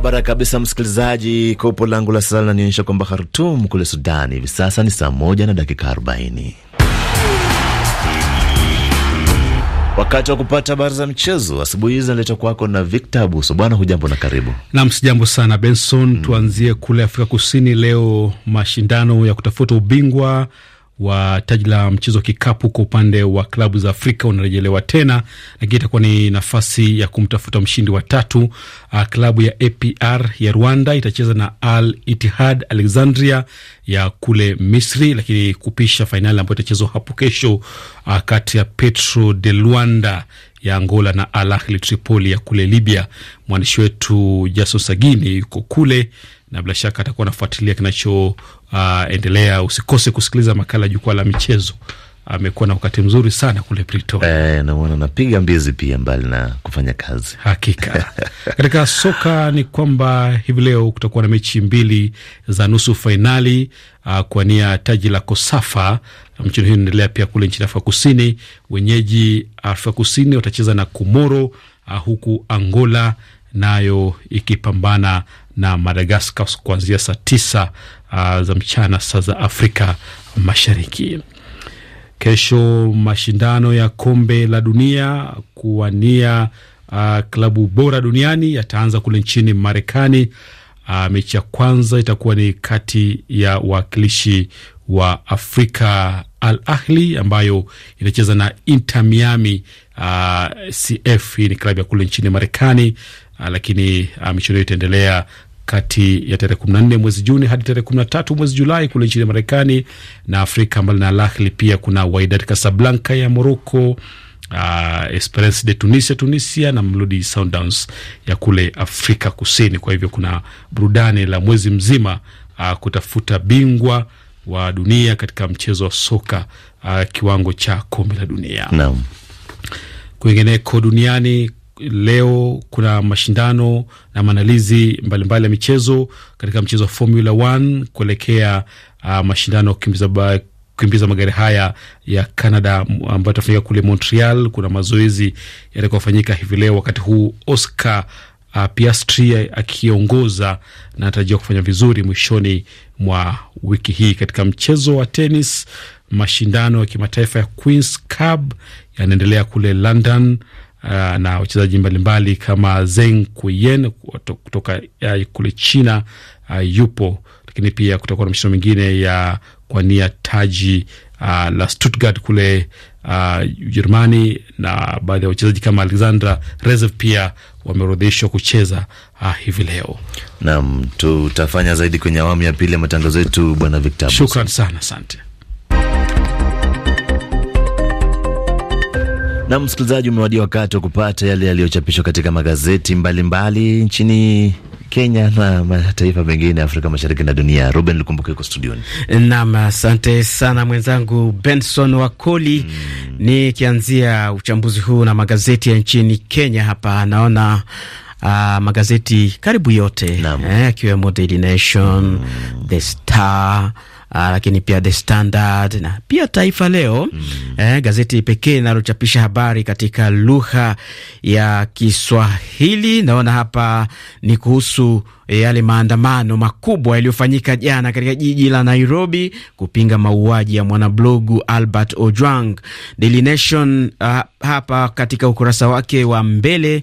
Barabara kabisa, msikilizaji. Kopo langu la sasa linanionyesha kwamba Khartum kule Sudani hivi sasa ni saa moja na dakika arobaini. Wakati wa kupata habari za mchezo asubuhi hizi naletwa kwako na Victor Abuso. Bwana, hujambo na karibu nam. Sijambo sana Benson. Mm, tuanzie kule Afrika Kusini. Leo mashindano ya kutafuta ubingwa wa taji la mchezo wa kikapu kwa upande wa klabu za Afrika unarejelewa tena, lakini itakuwa ni nafasi ya kumtafuta mshindi wa tatu. Ah, klabu ya APR ya Rwanda itacheza na Al itihad Alexandria ya kule Misri, lakini kupisha fainali ambayo itachezwa hapo kesho ah, kati ya Petro de Luanda ya Angola na Al Ahli Tripoli ya kule Libya. Mwandishi wetu Jason Sagini yuko kule na bila shaka atakuwa anafuatilia kinachoendelea. Uh, usikose kusikiliza makala ya jukwaa la michezo. Amekuwa na wakati mzuri sana kule Pretoria E, eh, namwona napiga mbizi pia, mbali na kufanya kazi hakika. Katika soka ni kwamba hivi leo kutakuwa na mechi mbili za nusu fainali uh, ah, kuwania taji la Kosafa. Mchezo huu unaendelea pia kule nchini Afrika Kusini. Wenyeji Afrika Kusini watacheza na Komoro, uh, huku Angola nayo ikipambana na Madagaskar kuanzia saa tisa uh, za mchana saa za Afrika Mashariki. Kesho mashindano ya kombe la dunia kuwania uh, klabu bora duniani yataanza kule nchini Marekani. Uh, mechi ya kwanza itakuwa ni kati ya wawakilishi wa Afrika Al Ahli ambayo inacheza na Inter Miami uh, CF. Hii ni klabu ya kule nchini Marekani. Ah, lakini ah, michuano itaendelea kati ya tarehe nne mwezi Juni hadi tarehe tatu mwezi Julai kule nchini Marekani na Afrika. Mbali na Al Ahly, pia kuna Wydad Casablanca ya Morocco, uh, Esperance de Tunisia Tunisia na Mamelodi Sundowns ya kule Afrika Kusini. Kwa hivyo kuna burudani la mwezi mzima uh, kutafuta bingwa wa dunia katika mchezo wa soka uh, kiwango cha kombe la dunia. Naam. Kwingineko duniani leo kuna mashindano na maandalizi mbalimbali ya michezo katika mchezo wa Formula 1 kuelekea uh, mashindano ya kukimbiza kukimbiza magari haya ya Canada ambayo itafanyika kule Montreal. Kuna mazoezi yatakayofanyika hivi leo, wakati huu Oscar uh, Piastri akiongoza na anatarajiwa kufanya vizuri mwishoni mwa wiki hii. Katika mchezo wa tenis, mashindano ya kimataifa ya Queens Club yanaendelea kule London uh, na wachezaji mbalimbali kama Zeng Kuyen kutoka uh, kule China uh, yupo, lakini pia kutakuwa na mchezo mingine ya kuania taji uh, la Stuttgart kule uh, Ujerumani uh, na baadhi ya wachezaji kama Alexandra Rezev pia wameorodheshwa kucheza uh, hivi leo. Naam, tutafanya zaidi kwenye awamu ya pili ya matangazo yetu, Bwana Victor. Shukran sana, asante. Na msikilizaji, umewadia wakati wa kupata yale yaliyochapishwa katika magazeti mbalimbali mbali, nchini Kenya na mataifa mengine ya Afrika Mashariki na dunia. Ruben Lukumbuka yuko studioni. Naam, asante sana mwenzangu Benson Wakoli. Mm, nikianzia uchambuzi huu na magazeti ya nchini Kenya hapa naona Uh, magazeti karibu yote eh, akiwemo eh, Daily Nation, mm, The Star aa, ah, lakini pia The Standard na pia Taifa Leo mm. eh, gazeti pekee linalochapisha habari katika lugha ya Kiswahili. Naona hapa ni kuhusu eh, yale maandamano makubwa yaliyofanyika jana katika jiji la Nairobi kupinga mauaji ya mwanablogu Albert Ojwang. Daily Nation uh, hapa katika ukurasa wake wa mbele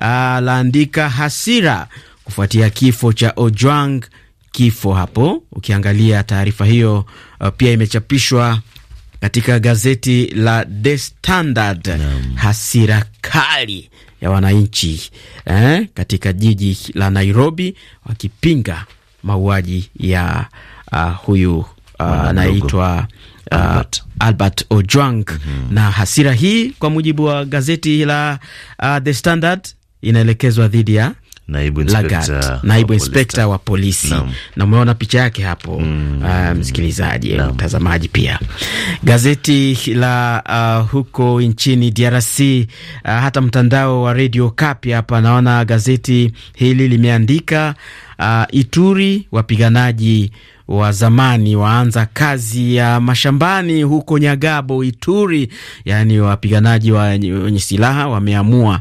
uh, laandika hasira kufuatia kifo cha Ojwang kifo hapo. Ukiangalia taarifa hiyo uh, pia imechapishwa katika gazeti la The Standard mm. Hasira kali ya wananchi eh, katika jiji la Nairobi wakipinga mauaji ya uh, huyu uh, anaitwa uh, Albert. Uh, Albert Ojwang mm -hmm. Na hasira hii kwa mujibu wa gazeti la uh, The Standard inaelekezwa dhidi ya naibu inspekta naibu inspekta wa polisi na umeona picha yake hapo mm. Uh, mtazamaji pia gazeti la uh, huko nchini DRC uh, hata mtandao wa Radio Kapi hapa naona gazeti hili limeandika uh, Ituri wapiganaji wa zamani waanza kazi ya mashambani huko Nyagabo, Ituri. Yaani wapiganaji wenye wa, silaha wameamua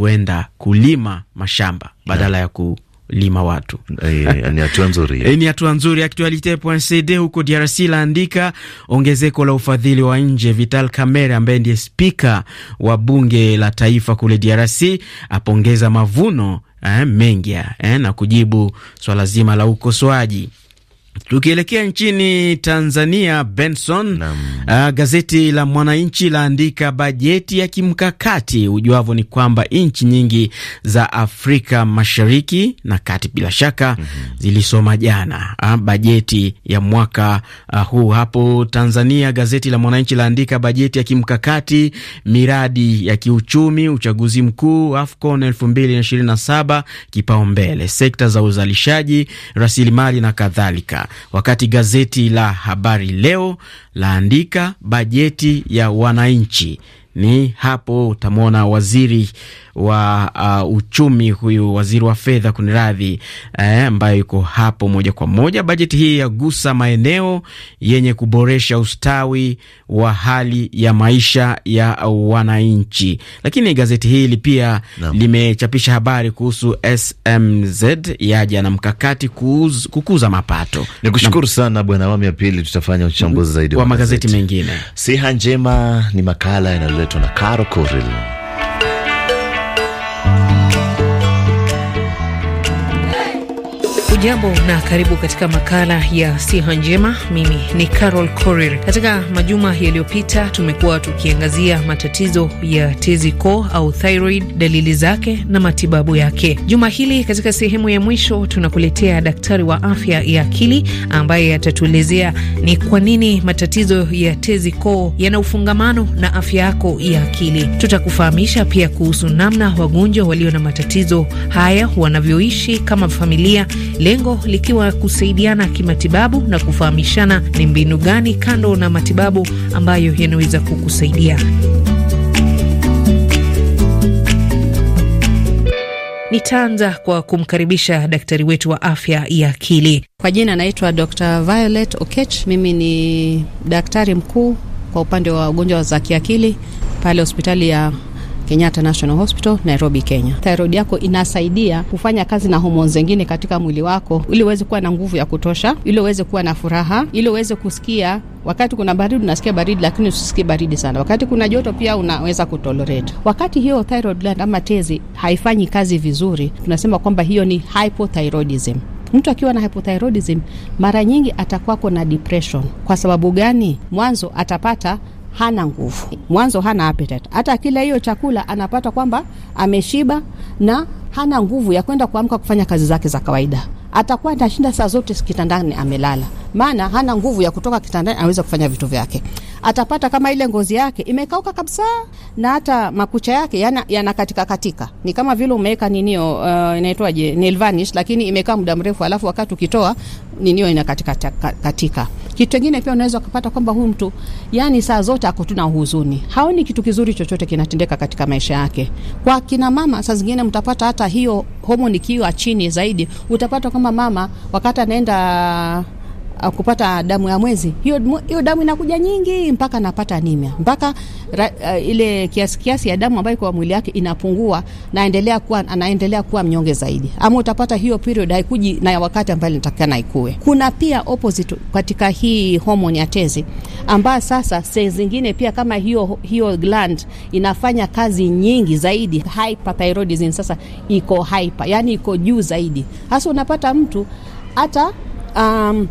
kuenda kulima mashamba badala ya ku lima watu eh, eh, eh, ni hatua nzuri, ni hatua nzuri. Actualite.cd huko DRC laandika ongezeko la ufadhili wa nje. Vital Kamerhe ambaye ndiye spika wa bunge la taifa kule DRC apongeza mavuno eh, mengi eh, na kujibu swala zima la ukosoaji. Tukielekea nchini Tanzania, Benson, uh, gazeti la Mwananchi laandika bajeti ya kimkakati. Ujuavyo ni kwamba nchi nyingi za Afrika Mashariki na Kati bila shaka mm -hmm. zilisoma jana uh, bajeti ya mwaka uh, huu. Hapo Tanzania, gazeti la Mwananchi laandika bajeti ya kimkakati, miradi ya kiuchumi, uchaguzi mkuu, AFCON 2027 kipaumbele, sekta za uzalishaji, rasilimali na kadhalika wakati gazeti la Habari Leo laandika bajeti ya wananchi ni hapo utamwona waziri wa uh, uchumi huyu, waziri wa fedha kuniradhi, eh, ambayo eh, yuko hapo moja kwa moja. Bajeti hii yagusa maeneo yenye kuboresha ustawi wa hali ya maisha ya wananchi. Lakini gazeti hili pia no. limechapisha habari kuhusu SMZ yaja na mkakati kuuz, kukuza mapato. Ni kushukuru na, sana bwana. Awamu ya pili tutafanya uchambuzi zaidi wa magazeti mengine. Siha njema ni makala yanayoletwa na Caro Coril. Hujambo na karibu katika makala ya siha njema. Mimi ni Carol Korir. Katika majuma yaliyopita, tumekuwa tukiangazia matatizo ya tezi koo au thyroid, dalili zake na matibabu yake. Juma hili katika sehemu ya mwisho, tunakuletea daktari wa afya ya akili ambaye atatuelezea ni kwa nini matatizo ya tezi koo yana ufungamano na afya yako ya akili. Tutakufahamisha pia kuhusu namna wagonjwa walio na matatizo haya wanavyoishi kama familia lengo likiwa kusaidiana kimatibabu na kufahamishana ni mbinu gani kando na matibabu ambayo yanaweza kukusaidia. Nitaanza kwa kumkaribisha daktari wetu wa afya ya akili. Kwa jina anaitwa Dr. Violet Okech. Mimi ni daktari mkuu kwa upande wa wagonjwa za kiakili pale hospitali ya Kenyatta National Hospital, Nairobi, Kenya. Thyroid yako inasaidia kufanya kazi na homoni zingine katika mwili wako ili uweze kuwa na nguvu ya kutosha, ili uweze kuwa na furaha, ili uweze kusikia Wakati kuna baridi unasikia baridi, lakini usisikie baridi sana. Wakati kuna joto pia unaweza kutolerate. Wakati hiyo thyroid gland ama tezi haifanyi kazi vizuri, tunasema kwamba hiyo ni hypothyroidism. Mtu akiwa na hypothyroidism mara nyingi atakuwako na depression. Kwa sababu gani? Mwanzo atapata hana nguvu mwanzo, hana appetite. Hata kila hiyo chakula anapata kwamba ameshiba na hana nguvu ya kwenda kuamka kufanya kazi zake za kawaida. Atakuwa anashinda saa zote kitandani amelala, maana hana nguvu ya kutoka kitandani aweze kufanya vitu vyake. Atapata kama ile ngozi yake imekauka kabisa, na hata makucha yake yana, yana katika katika, ni kama vile umeweka ninio uh, inaitwaje nail varnish, lakini imekaa muda mrefu, alafu wakati ukitoa ninio ina katika katika kitu kingine pia unaweza kupata kwamba huyu mtu yani saa zote ako tu na huzuni, haoni kitu kizuri chochote kinatendeka katika maisha yake. Kwa kina mama, saa zingine mtapata hata hiyo homoni kiwa chini zaidi, utapata kwamba mama wakati anaenda Uh, kupata damu ya mwezi, hiyo hiyo damu inakuja nyingi mpaka napata anemia, mpaka ra, uh, ile kiasi kiasi ya damu ambayo kwa mwili wake inapungua na endelea kuwa anaendelea kuwa mnyonge zaidi, ama utapata hiyo period haikuji na wakati ambao inatakikana ikue. Kuna pia opposite katika hii hormone ya tezi, ambayo sasa se zingine pia kama hiyo hiyo gland inafanya kazi nyingi zaidi, hyperthyroidism sasa iko hyper, yani iko juu zaidi, hasa unapata mtu hata um,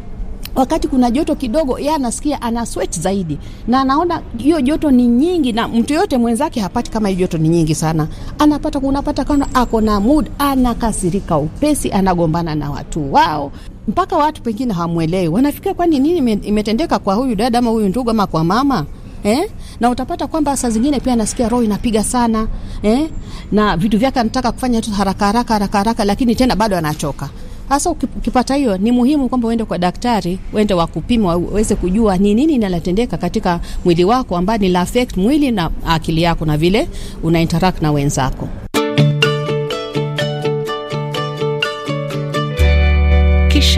wakati kuna joto kidogo, yeye anasikia ana sweat zaidi na anaona hiyo joto ni nyingi, na mtu yote mwenzake hapati kama hiyo joto ni nyingi sana. Anapata kunapata kana ako na mood, anakasirika upesi, anagombana na watu wao mpaka watu pengine hawamwelewi, wanafikia kwani nini imetendeka kwa huyu dada ama huyu ndugu ama kwa mama eh? Na utapata kwamba saa zingine pia anasikia roho inapiga sana eh? na vitu vyake anataka kufanya tu haraka haraka haraka haraka, lakini tena bado anachoka Hasa ukipata hiyo, ni muhimu kwamba uende kwa daktari, uende wakupima, uweze kujua ni nini linatendeka katika mwili wako ambayo ni la affect mwili na akili yako na vile una interact na wenzako.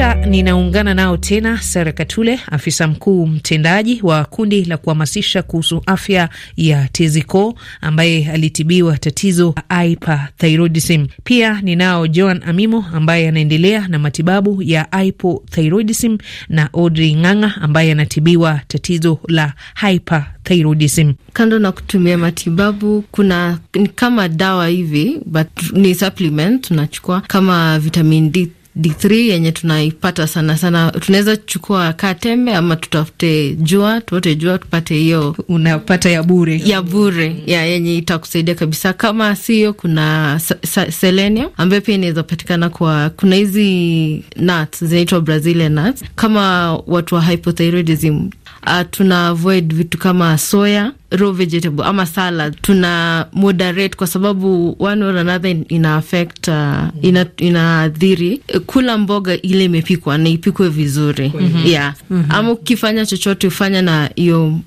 kisha ninaungana nao tena Sara Katule, afisa mkuu mtendaji wa kundi la kuhamasisha kuhusu afya ya tezico ambaye alitibiwa tatizo hyperthyroidism. Pia ninao Joan Amimo ambaye anaendelea na matibabu ya hypothyroidism na Audrey Ng'ang'a ambaye anatibiwa tatizo la hyperthyroidism. Kando na kutumia matibabu, kuna kama dawa hivi but ni supplement tunachukua kama vitamin D D3 yenye tunaipata sana sana, tunaweza chukua katembe ama tutafute jua, tuote jua tupate hiyo, unapata ya bure ya bure mm ya yenye itakusaidia kabisa. Kama sio, kuna selenium ambayo pia inaweza patikana kwa, kuna hizi nuts zinaitwa Brazilian nuts. Kama watu wa hypothyroidism, uh, tuna avoid vitu kama soya raw vegetable ama salad tuna moderate kwa sababu one or another ina affect uh, mm. ina inaathiri kula mboga ile imepikwa na ipikwe vizuri mm -hmm. yeah mm -hmm. ama ukifanya chochote ufanya na hiyo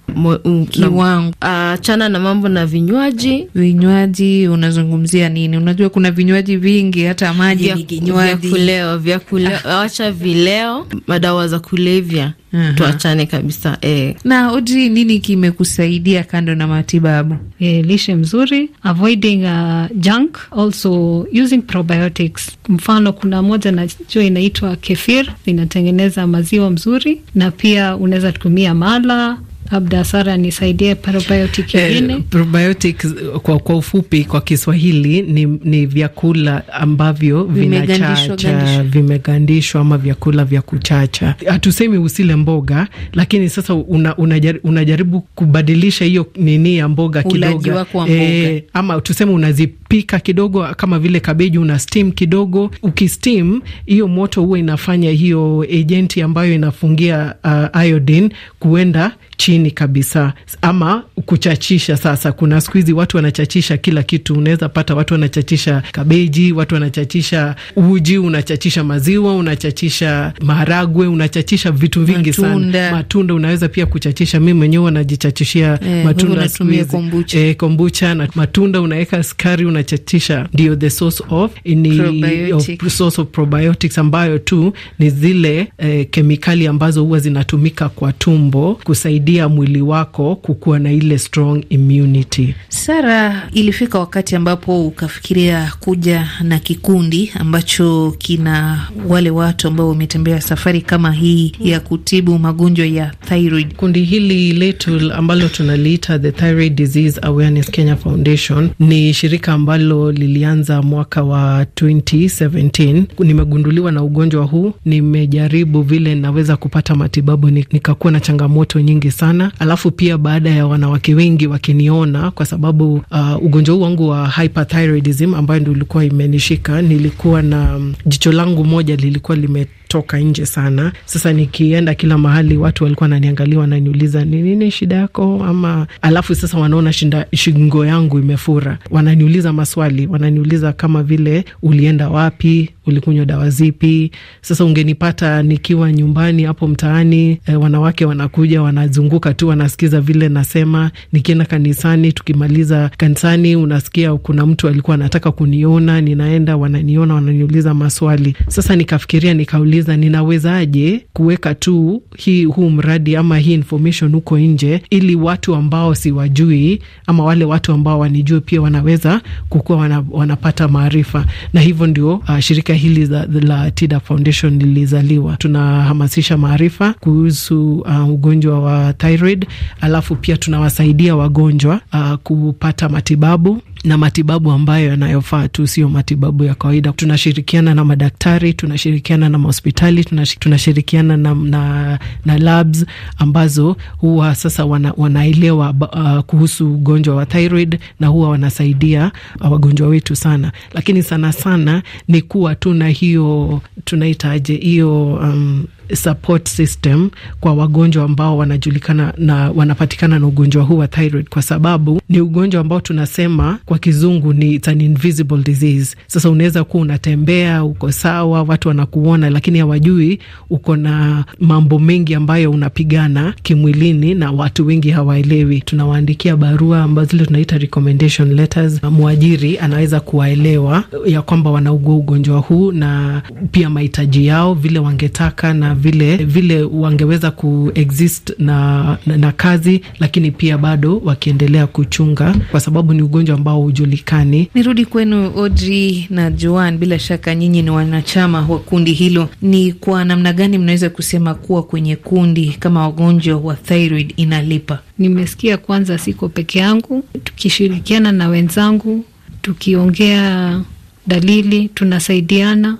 kiwango. Uh, chana na mambo na vinywaji. Vinywaji unazungumzia nini? Unajua kuna vinywaji vingi, hata maji ni kinywaji, vya kuleo, vya kuleo, acha vileo, madawa za kulevya Mm-hmm. Tuachane kabisa e. Na Audrey, nini kimekusaidia kando na matibabu? E, lishe mzuri, avoiding uh, junk, also using probiotics. Mfano kuna moja najua inaitwa kefir, inatengeneza maziwa mzuri, na pia unaweza tumia mala labda Sara nisaidie probiotic eh, ingine. Eh, probiotic kwa, kwa ufupi kwa Kiswahili ni, ni vyakula ambavyo vinachacha vimegandishwa ama vyakula vya kuchacha. Hatusemi usile mboga, lakini sasa una, unajar, unajaribu kubadilisha hiyo nini ya mboga kidogo eh, ama tuseme unazipika kidogo kama vile kabeji una steam kidogo. Ukisteam hiyo moto huwa inafanya hiyo agenti ambayo inafungia uh, iodine kuenda chini chini kabisa, ama kuchachisha. Sasa kuna siku hizi watu wanachachisha kila kitu, unaweza pata watu wanachachisha kabeji, watu wanachachisha uji, unachachisha maziwa, unachachisha maharagwe, unachachisha vitu vingi matunda sana, matunda unaweza pia kuchachisha. Mi mwenyewe najichachishia e, eh, matunda kombucha. E, kombucha na matunda unaweka sukari, unachachisha, ndio the source of eh, ni probiotic. Source of probiotics ambayo tu ni zile eh, kemikali ambazo huwa zinatumika kwa tumbo kusaidia kuzuia mwili wako kukuwa na ile strong immunity. Sara, ilifika wakati ambapo ukafikiria kuja na kikundi ambacho kina wale watu ambao wametembea safari kama hii ya kutibu magonjwa ya thyroid. Kundi hili letu ambalo tunaliita the Thyroid Disease Awareness Kenya Foundation ni shirika ambalo lilianza mwaka wa 2017. Nimegunduliwa na ugonjwa huu, nimejaribu vile naweza kupata matibabu, nikakuwa na changamoto nyingi sana sana, alafu pia baada ya wanawake wengi wakiniona, kwa sababu uh, ugonjwa huu wangu wa hyperthyroidism ambayo ndio ulikuwa imenishika, nilikuwa na mm, jicho langu moja lilikuwa lime kutoka nje sana. Sasa nikienda kila mahali, watu walikuwa wananiangalia, wananiuliza ni nini shida yako, ama alafu sasa wanaona shinda, shingo yangu imefura, wananiuliza maswali, wananiuliza kama vile ulienda wapi, ulikunywa dawa zipi. Sasa ungenipata nikiwa nyumbani hapo mtaani, e, wanawake wanakuja wanazunguka tu, wanasikiza vile nasema. Nikienda kanisani, tukimaliza kanisani, unasikia kuna mtu alikuwa anataka kuniona, ninaenda, wananiona, wananiuliza maswali. Sasa nikafikiria nikauliza kujiuliza ninawezaje kuweka tu hii huu mradi ama hii information huko nje, ili watu ambao siwajui ama wale watu ambao wanijue pia wanaweza kukuwa wana, wanapata maarifa, na hivyo ndio uh, shirika hili za, la Tida Foundation lilizaliwa. Tunahamasisha maarifa kuhusu uh, ugonjwa wa thyroid, alafu pia tunawasaidia wagonjwa uh, kupata matibabu na matibabu ambayo yanayofaa tu, sio matibabu ya kawaida. Tunashirikiana na madaktari, tunashirikiana na mahospitali, tunashirikiana na, na, na labs ambazo huwa sasa wana, wanaelewa uh, kuhusu ugonjwa wa thyroid na huwa wanasaidia uh, wagonjwa wetu sana, lakini sana sana ni kuwa tu na hiyo tunaitaje hiyo um, support system kwa wagonjwa ambao wanajulikana na wanapatikana na ugonjwa huu wa thyroid, kwa sababu ni ugonjwa ambao tunasema kwa kizungu ni it's an invisible disease. Sasa unaweza kuwa unatembea, uko sawa, watu wanakuona, lakini hawajui uko na mambo mengi ambayo unapigana kimwilini, na watu wengi hawaelewi. Tunawaandikia barua ambazo zile tunaita recommendation letters. Mwajiri anaweza kuwaelewa ya kwamba wanaugua ugonjwa huu na pia mahitaji yao vile wangetaka na vile vile wangeweza kuexist na, na, na kazi, lakini pia bado wakiendelea kuchunga, kwa sababu ni ugonjwa ambao hujulikani. Nirudi kwenu Audrey na Joan, bila shaka nyinyi ni wanachama wa kundi hilo. Ni kwa namna gani mnaweza kusema kuwa kwenye kundi kama wagonjwa wa thyroid inalipa? Nimesikia kwanza, siko peke yangu, tukishirikiana na wenzangu, tukiongea dalili, tunasaidiana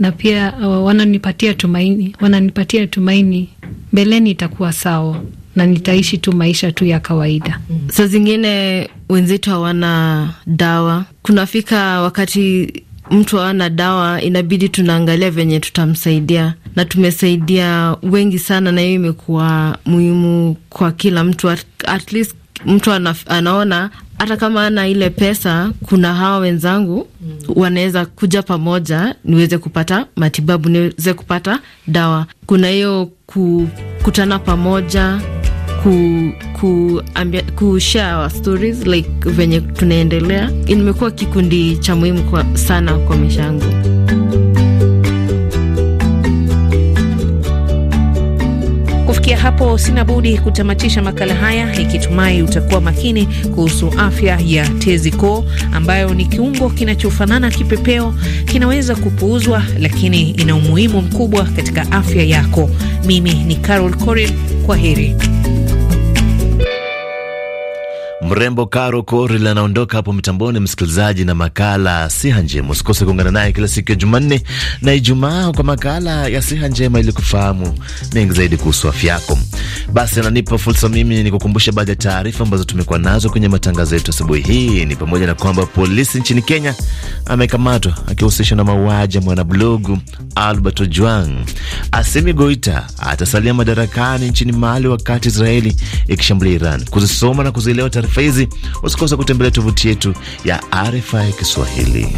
na pia uh, wananipatia tumaini, wananipatia tumaini mbeleni itakuwa sawa na nitaishi tu maisha tu ya kawaida. Saa zingine wenzetu hawana dawa, kunafika wakati mtu hawana dawa, inabidi tunaangalia venye tutamsaidia, na tumesaidia wengi sana, na hiyo imekuwa muhimu kwa kila mtu at, at least mtu anaona hata kama ana ile pesa, kuna hawa wenzangu mm. wanaweza kuja pamoja, niweze kupata matibabu, niweze kupata dawa. Kuna hiyo kukutana pamoja, ku, ku, ambia, ku share our stories like venye tunaendelea. Imekuwa kikundi cha muhimu sana kwa maisha yangu. Kufikia hapo, sina budi kutamatisha makala haya, ikitumai utakuwa makini kuhusu afya ya tezi koo, ambayo ni kiungo kinachofanana kipepeo, kinaweza kupuuzwa, lakini ina umuhimu mkubwa katika afya yako. Mimi ni Carol Korir, kwa heri. Mrembo karo Coril anaondoka hapo mitamboni, msikilizaji, na makala siha njema. Usikose kuungana naye kila siku ya Jumanne na Ijumaa kwa makala ya siha njema, ili kufahamu mengi zaidi kuhusu afya yako. Basi ananipa fursa mimi ni kukumbusha baadhi ya taarifa ambazo tumekuwa nazo kwenye matangazo yetu asubuhi hii, ni pamoja na kwamba polisi nchini Kenya amekamatwa akihusishwa na mauaji ya mwanablogu Albert Ojwang. Asimi Goita atasalia madarakani nchini Mali wakati Israeli ikishambulia Iran. Kuzisoma na kuzielewa taarifa hizi, usikose kutembelea tovuti yetu ya RFI Kiswahili.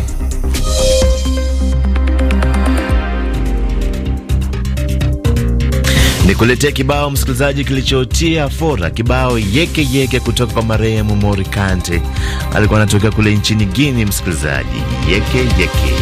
ni kuletea kibao msikilizaji, kilichotia fora, kibao yeke yeke kutoka kwa marehemu Mori Kante. Alikuwa anatokea kule nchini Guinea, msikilizaji, yeke yeke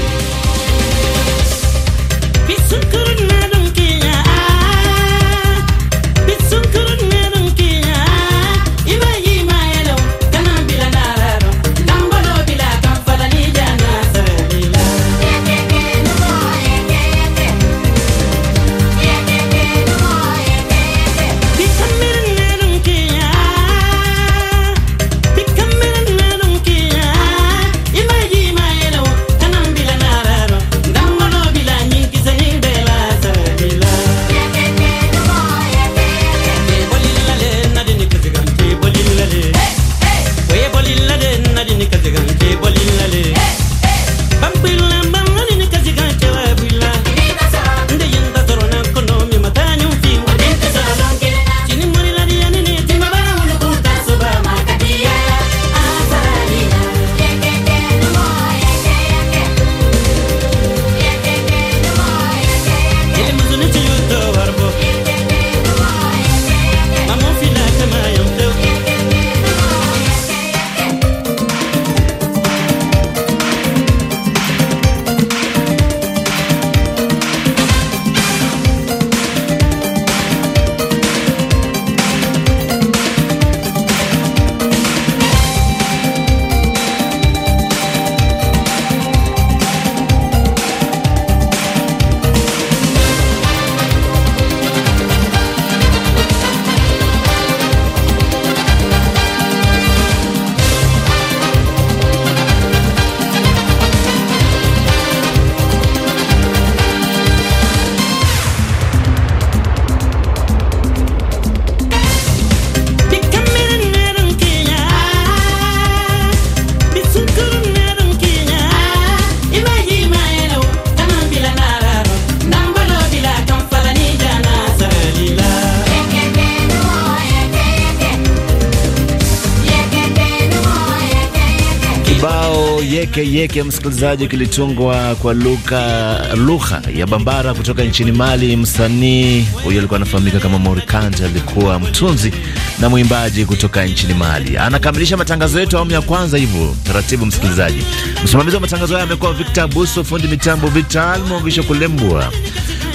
yeke yeke, msikilizaji, kilitungwa kwa lugha ya Bambara kutoka nchini Mali. Msanii huyo alikuwa anafahamika kama Morikante, alikuwa mtunzi na mwimbaji kutoka nchini Mali. Anakamilisha matangazo yetu awamu ya kwanza hivyo taratibu, msikilizaji. Msimamizi wa matangazo haya amekuwa Victor Buso, fundi mitambo Vital Mongisho Kulembwa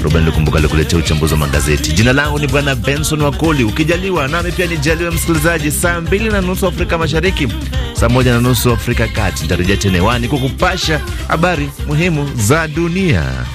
rubani likumbuka likuletea uchambuzi wa magazeti. Jina langu ni Bwana Benson Wakoli, ukijaliwa nami pia nijaliwe msikilizaji, saa mbili na nusu Afrika Mashariki, saa moja na nusu Afrika Kati. Nitarejea tena hewani kukupasha habari muhimu za dunia.